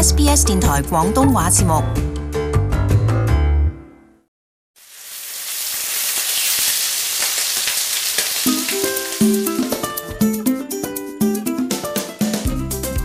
SBS 電台廣東話節目。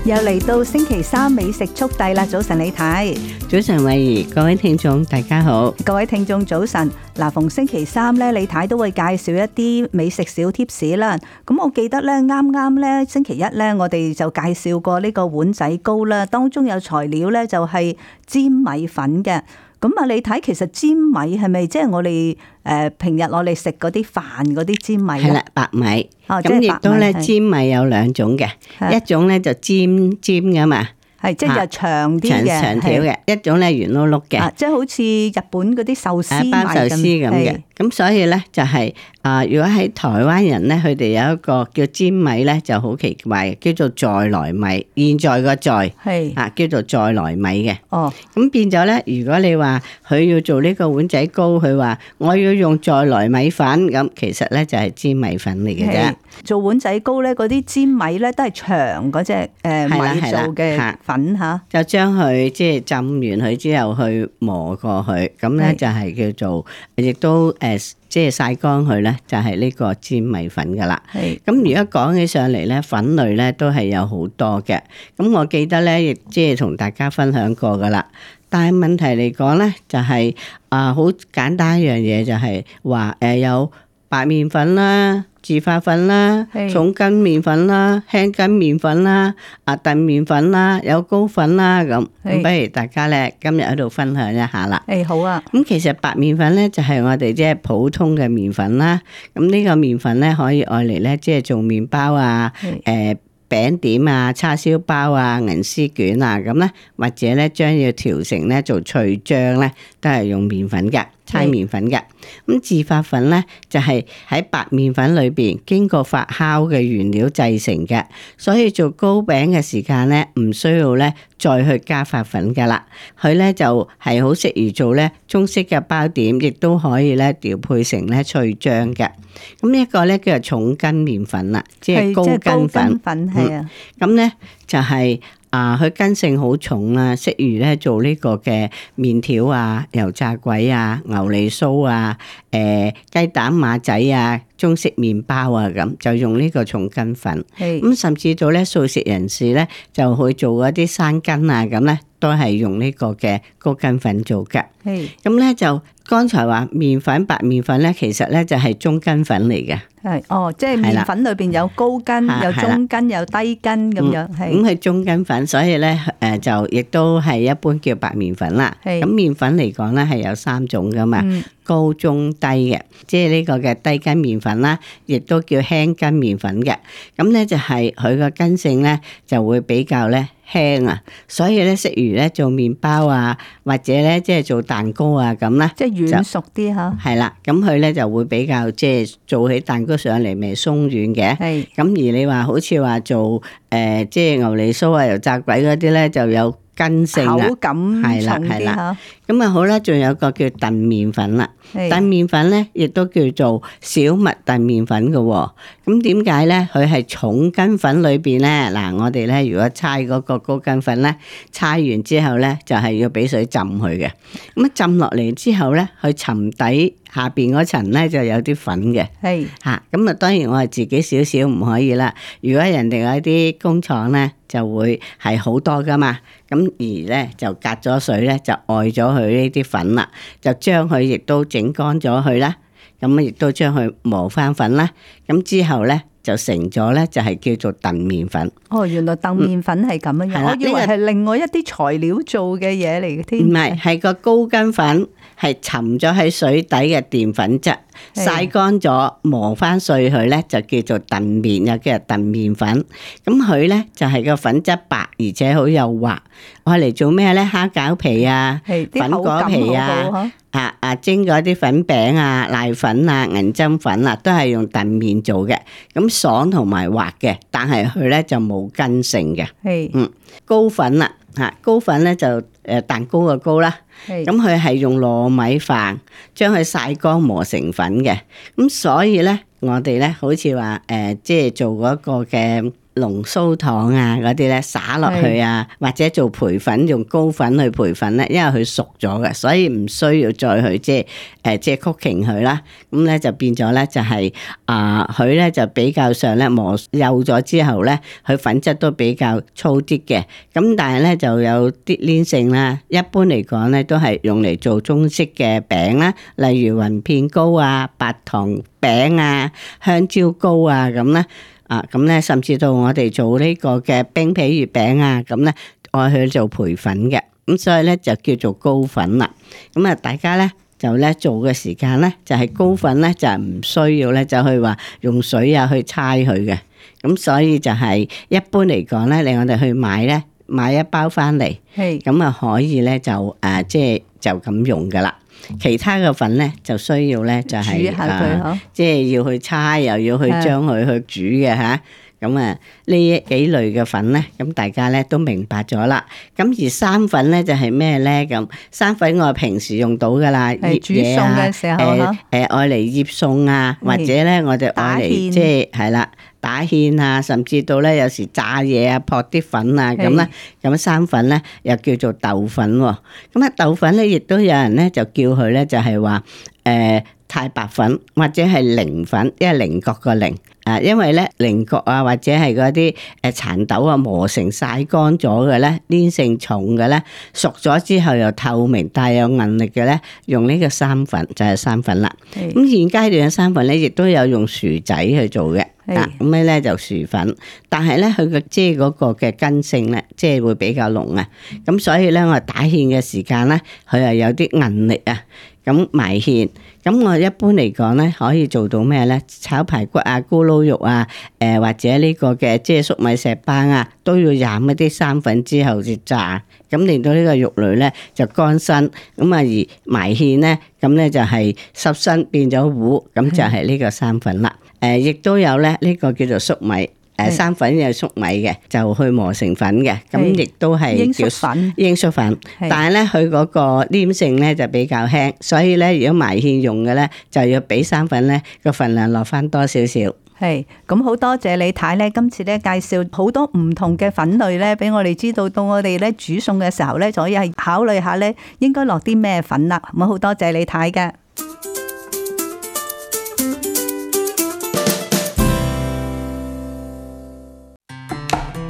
又嚟到星期三美食速遞啦！早晨李太，早晨慧怡，各位聽眾大家好，各位聽眾早晨。嗱，逢星期三呢，李太都會介紹一啲美食小貼士啦。咁我記得呢，啱啱呢星期一呢，我哋就介紹過呢個碗仔糕啦，當中有材料呢，就係煎米粉嘅。咁啊，你睇其實尖米係咪即係我哋誒、呃、平日我哋食嗰啲飯嗰啲尖米？係啦，白米。咁亦、哦、都咧，尖米有兩種嘅，一種咧就尖尖嘅嘛，係即係長啲嘅長條嘅，一種咧圓碌碌嘅，即係好似日本嗰啲壽司包壽司咁嘅。咁所以咧就係啊，如果喺台灣人咧，佢哋有一個叫粘米咧就好奇怪，叫做在來米。現在個在係啊，叫做在來米嘅。哦，咁變咗咧，如果你話佢要做呢個碗仔糕，佢話我要用在來米粉，咁其實咧就係粘米粉嚟嘅啫。做碗仔糕咧，嗰啲粘米咧都係長嗰隻誒米做嘅粉嚇，就將佢即係浸完佢之後去磨過去，咁咧就係叫做亦都。誒，即係曬乾佢咧，就係、是、呢個煎米粉噶啦。係咁是，而家講起上嚟咧，粉類咧都係有好多嘅。咁我記得咧，亦即係同大家分享過噶啦。但係問題嚟講咧，就係、是、啊，好、呃、簡單一樣嘢就係話誒有。白麵粉啦、自發粉啦、是重筋麵粉啦、輕筋麵粉啦、啊澄麵粉啦、有高粉啦咁，咁不如大家咧今日喺度分享一下啦。誒，好啊。咁其實白麵粉咧就係我哋即係普通嘅麵粉啦。咁呢個麵粉咧可以愛嚟咧即係做麵包啊、誒餅是、呃、點啊、叉燒包啊、銀絲卷啊咁咧，或者咧將要調成咧做脆漿咧都係用麵粉嘅。差麵粉嘅，咁自發粉咧就係、是、喺白麵粉裏邊經過發酵嘅原料製成嘅，所以做糕餅嘅時間咧唔需要咧再去加發粉噶啦，佢咧就係好適宜做咧中式嘅包點，亦都可以咧調配成咧脆漿嘅。咁呢一個咧叫做重筋麵粉啦，即係高筋粉，咁咧。的就係、是、啊，佢筋性好重啦、啊，適宜咧做呢個嘅麵條啊、油炸鬼啊、牛脷酥啊、誒、呃、雞蛋馬仔啊。中式麵包啊，咁就用呢個中筋粉，咁是甚至到咧素食人士咧就去做一啲生筋啊，咁咧都係用呢個嘅高筋粉做噶。咁咧是就剛才話麵粉白麵粉咧，其實咧就係中筋粉嚟嘅。係哦，即係麵粉裏邊有高筋、啦有中筋、有低筋咁樣。咁佢、嗯是嗯、中筋粉，所以咧誒就亦都係一般叫白麵粉啦。咁麵是粉嚟講咧係有三種噶嘛。嗯高、中、低嘅，即係呢個嘅低筋麵粉啦，亦都叫輕筋麵粉嘅，咁咧就係佢個筋性咧就會比較咧，輕啊，所以咧食魚咧做麵包啊，或者咧即係做蛋糕啊咁啦，呢即係軟熟啲吓，係啦，咁佢咧就會比較即係、就是、做起蛋糕上嚟未鬆軟嘅，係的，咁而你話好似話做誒即係牛脷酥啊、油炸鬼嗰啲咧就有筋性啦，係啦係啦，咁啊、嗯、的好啦，仲有個叫燉麵粉啦，燉麵的粉咧亦都叫做小麥燉麵粉噶，咁點解咧？佢係重筋粉裏邊咧，嗱，我哋咧如果猜嗰個。高筋粉咧，搓完之後咧，就係、是、要俾水浸佢嘅。咁、嗯、啊，浸落嚟之後咧，佢沉底下邊嗰層咧，就有啲粉嘅。係是，吓、啊，咁、嗯、啊，當然我係自己少少唔可以啦。如果人哋嗰啲工廠咧，就會係好多噶嘛。咁、嗯、而咧，就隔咗水咧，就外咗佢呢啲粉啦，就將佢亦都整乾咗佢啦。咁、嗯、啊，亦都將佢磨翻粉啦。咁、嗯、之後咧。就成咗咧，就係叫做燉麵粉。哦，原來燉麵粉係咁樣樣，係嗎我以為係另外一啲材料做嘅嘢嚟嘅。唔係，係個高筋粉。係沉咗喺水底嘅澱粉質晒乾咗磨翻碎佢咧，就叫做燉麵，又叫做燉麵粉。咁佢咧，就係個粉質白而且好幼滑，愛嚟做咩咧？蝦餃皮啊，粉果皮啊，啊啊蒸嗰啲粉餅啊、瀨粉啊、銀針粉啊，都係用燉麵做嘅，咁爽同埋滑嘅，但係佢咧就冇筋性嘅，係，嗯，高粉啦啊。嚇，糕粉咧就誒蛋糕嘅糕啦，咁佢係用糯米飯將佢曬乾磨成粉嘅，咁所以咧我哋咧好似話誒，即係做嗰個嘅。龍酥糖啊，嗰啲咧撒落去啊，是或者做培粉用高粉去培粉咧，因為佢熟咗嘅，所以唔需要再去即係即係曲瓊佢啦。咁、呃、咧就變咗咧就係、是、啊，佢、呃、咧就比較上咧磨幼咗之後咧，佢粉質都比較粗啲嘅。咁但係咧就有啲黏性啦。一般嚟講咧都係用嚟做中式嘅餅啦，例如雲片糕啊、白糖餅啊、香蕉糕啊咁啦。啊，咁咧，甚至到我哋做呢個嘅冰皮月餅啊，咁咧，我去做培粉嘅，咁所以咧就叫做高粉啦。咁啊，大家咧就咧做嘅時間咧，就係高粉咧就唔需要咧就去話用水啊去猜佢嘅。咁所以就係一般嚟講咧，你我哋去買咧，買一包翻嚟，咁啊 Hey. 可以咧就誒、啊、即係。就咁用噶啦，其他嘅粉咧就需要咧就係、是，即係、啊就是、要去叉又要去將佢去煮嘅吓。咁啊呢幾類嘅粉咧，咁大家咧都明白咗啦。咁而生粉咧就係咩咧？咁生粉我平時用到噶啦，腌嘢啊，誒料，愛嚟腌餸啊，呃呃、的或者咧我哋愛嚟即係係啦。燼打芡啊，甚至到咧，有時炸嘢啊，撲啲粉啊，咁啦，咁生是的 粉咧，又叫做豆粉。咁啊，豆粉咧，亦都有人咧就叫佢咧，就係話誒太白粉或者係菱粉，因為菱角個菱。啊，因為咧菱角啊，或者係嗰啲誒蠶豆啊磨成晒乾咗嘅咧，黏性重嘅咧，熟咗之後又透明帶有韌力嘅咧，用個、就是、是的 呢個生粉就係生粉啦。咁現階段嘅生粉咧，亦都有用薯仔去做嘅。咁咧是、啊、就薯粉，但係咧佢嘅即係嗰個嘅根性咧，即係會比較濃啊，咁、嗯、所以咧我打芡嘅時間咧，佢係有啲韌力啊。咁埋芡，咁我一般嚟講咧，可以做到咩咧？炒排骨啊、咕嚕肉啊，誒、呃、或者呢個嘅即粟米石斑啊，都要醃一啲生粉之後至炸，咁令到呢個肉類咧就乾身，咁啊而埋芡咧，咁咧就係濕身變咗糊，咁就係呢個生粉啦。誒、呃，亦都有咧呢、呢個叫做粟米。誒，生粉有粟米嘅，就去磨成粉嘅，咁是亦都係叫粉鷹粟粉，粉是但係咧佢嗰個黏性，咧就比較輕，所以咧如果埋芡用嘅，咧就要俾生粉咧個份量，落翻多少少。係，咁好多謝李太咧，今次咧介紹好多唔同嘅粉類咧，俾我哋知道到我哋咧煮餸嘅時候咧，就可以係考慮下咧應該落啲咩粉啦。咁好多謝李太嘅。